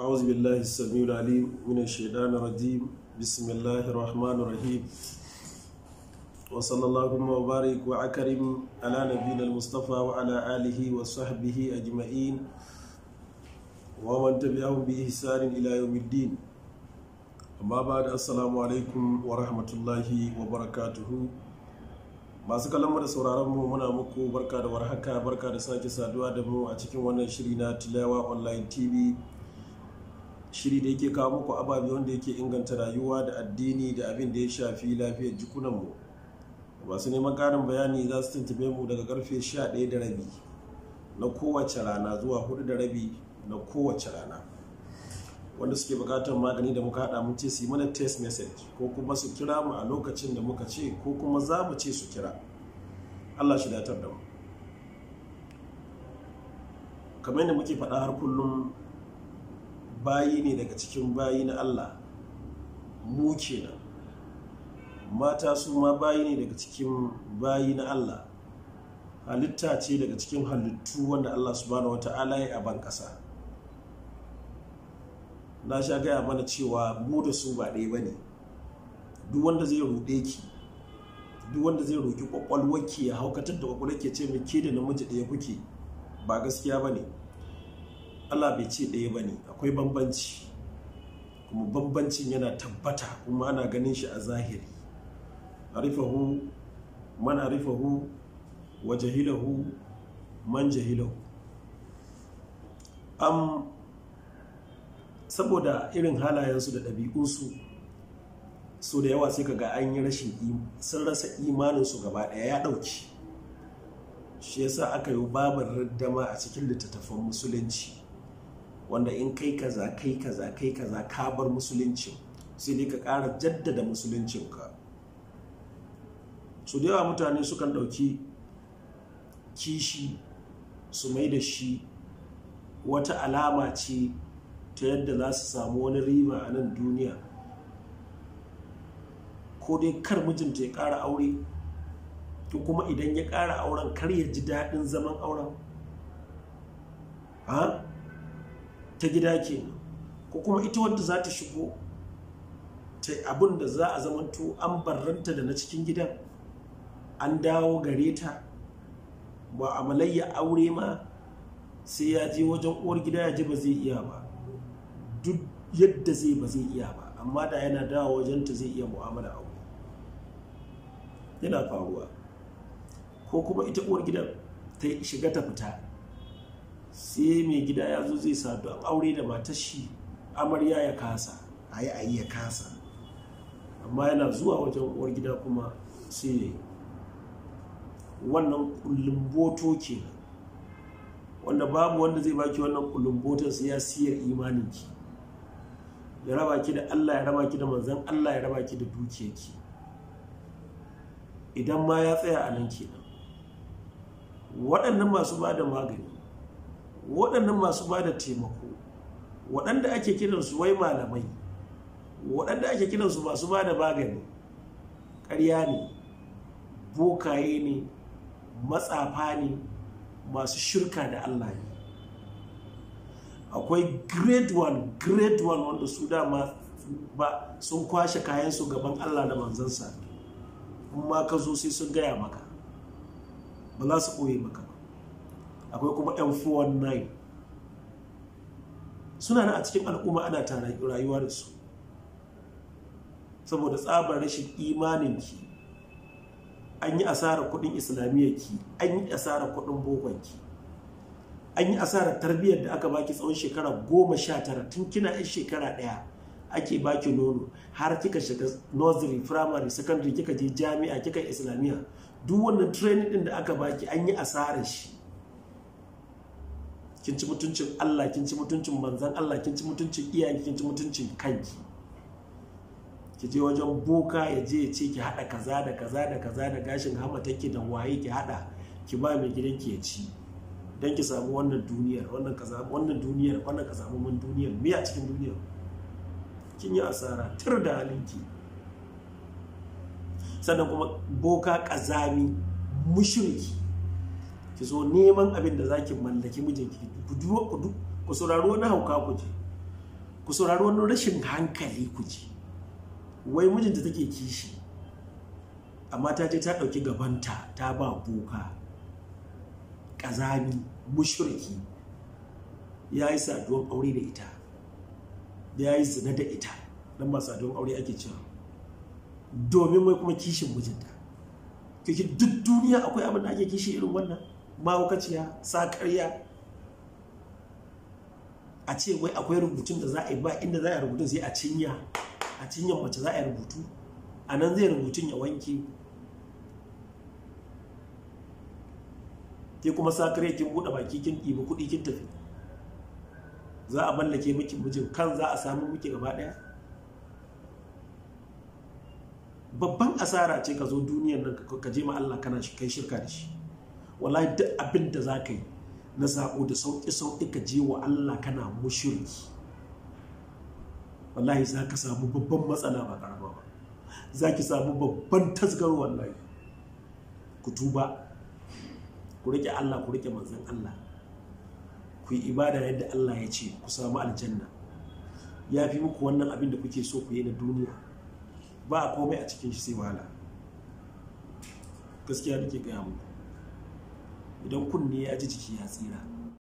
أعوذ بالله السميع العليم من الشيطان الرجيم بسم الله الرحمن الرحيم وصلى اللهم وبارك وأكرم على نبينا المصطفى وعلى آله وصحبه أجمعين ومن تبعهم بإحسان إلى يوم الدين amma ba da assalamu alaikum wa rahmatullahi wa masu kallon da sauraron mu muna muku barka da warhaka barka da sake saduwa da mu a cikin wannan shiri na tilawa online tv shiri da yake kawo muku ababe wanda yake inganta rayuwa da addini da abin da ya shafi lafiyar jikunanmu masu neman ƙarin bayani za su tuntube mu daga karfe 11 da rabi na kowace rana zuwa 4 da rabi na kowace rana wanda suke bukatar magani da muka haɗa mun ce su yi mana test message ko kuma su kira mu a lokacin da muka ce ko kuma za mu ce su kira allah shi datar da mu kamar yadda muke faɗa har kullum bayi ne daga cikin bayi na Allah mu kenan mata su ma bayi ne daga cikin bayi na Allah halitta ce daga cikin halittu wanda Allah subhanahu wata'ala ya ban ƙasa na sha gaya mana cewa mu da su ba ɗaya ba ne duk wanda zai ruɗe ki duk wanda zai roƙi ƙwaƙwalwarki ya haukatar da ƙwaƙwalwarki ya ce mai ke da namiji ɗaya kuke ba gaskiya ba ne Allah bai ce ɗaya ba ne akwai bambanci kuma bambancin yana tabbata kuma ana ganin shi a zahiri man arifahu wa jahilahu man jahilahu am saboda irin halayensu da ɗabi'unsu so da yawa sai kaga an yi rashin sun rasa imaninsu gaba ɗaya ya ɗauki shi yasa aka yi babar raddama a cikin littattafan musulunci wanda in kai kaza kai kaza kai kaza ka bar musulunci sai dai ka ƙara jaddada musuluncinka su da yawa mutane sukan ɗauki kishi su mai da shi wata alama ce ta yadda za su samu wani riba a nan duniya ko dai kar mijinta ya ƙara aure ko kuma idan ya ƙara auren kar ya ji daɗin zaman auren ta gida kenan ko kuma ita wanda za ta shigo ta abin da za a zamanto an barranta da na cikin gidan an dawo gare ta ba a malayya aure ma sai ya je wajen uwar gida ya ji ba zai iya ba duk yadda zai ba zai iya ba amma da yana dawo wajen ta zai iya mu'amala aure yana faruwa ko kuma ita uwar gidan ta shiga ta fita sai mai gida ya zo zai sa don aure da matar shi amarya ya kasa a yi a yi ya kasa amma yana zuwa wajen uwar gida kuma sai wannan kullum boto nan, wanda babu wanda zai baki wannan kullum boton sai ya siyar ki ya raba ki da Allah ya raba ki da manzan Allah ya raba ki da dukiyarki idan ma ya tsaya a nan kenan waɗannan masu ba da magani waɗannan masu ba da taimako waɗanda ake kiransu wai malamai waɗanda ake kiran su masu ba da magani ƙarya ne bokaye ne matsafa ne masu shirka da allah ne akwai grade one grade one wanda su dama ba sun kwashe kayansu gaban allah da manzansa in ka zo sai sun gaya maka ba za su ɓoye maka akwai kuma yan 419 suna na a cikin al'umma ana ta rayuwa da su saboda tsabar rashin imanin ki an yi asarar kudin ki an yi asarar kudin ki an yi asarar tarbiyyar da aka baki tsawon shekara goma sha tara tun kina yan shekara ɗaya ake baki nono har kika shiga nursery primary secondary kika je jami'a kika islamiyya duk wannan training din da aka baki an yi asarar shi kin ci mutuncin Allah kin ci mutuncin manzan Allah kin ci mutuncin iyayen kin ci mutuncin kanki ki je wajen boka ya je ya ce ki hada kaza da kaza da kaza da gashin hama take da waye ki hada ki ba mai gidan ki ya ci dan ki samu wannan duniyar wannan kaza wannan duniyar wannan ka samu mun duniyar me a cikin duniyar kin yi asara tur da halinki sannan kuma boka kazami mushriki ki zo neman abin da zaki mallaki mijinki ku duwa ku sauraro na hauka ku ji ku sauraro rashin hankali ku ji wai mijinta take kishi amma ta je ta ɗauki gabanta ta ba boka ƙazami mushriki ya yi saduwan aure da ita ya yi zina da ita don ba saduwan aure ake cewa domin mai kuma kishin mijinta kake duk duniya akwai abin da ake kishi irin wannan mahaukaciya sakarya a ce wai akwai rubutun da za a yi ba inda za a rubutun sai a cinya a cinyan mace za a rubutu a nan zai rubutun ya wanke ke kuma sakare kin buɗe baki kin ɗibi kuɗi kin tafi za a mallake miki mijin kan za a samu miki gaba ɗaya babban asara ce ka zo duniyar nan ka je ma Allah kana kai shirka da shi wallahi duk abin da za ka yi na sako da sauƙi sauƙi ka je wa Allah kana mushriki wallahi za ka samu babban matsala ba karama ba za ki samu babban tasgaro wallahi ku tuba ku rike Allah ku rike manzon Allah ku yi ibada yadda Allah ya ce ku samu aljanna ya fi muku wannan abin da kuke so ku yi na duniya ba komai a cikin shi sai wahala gaskiya nake gaya muku idan kunne ya ji jiki ya tsira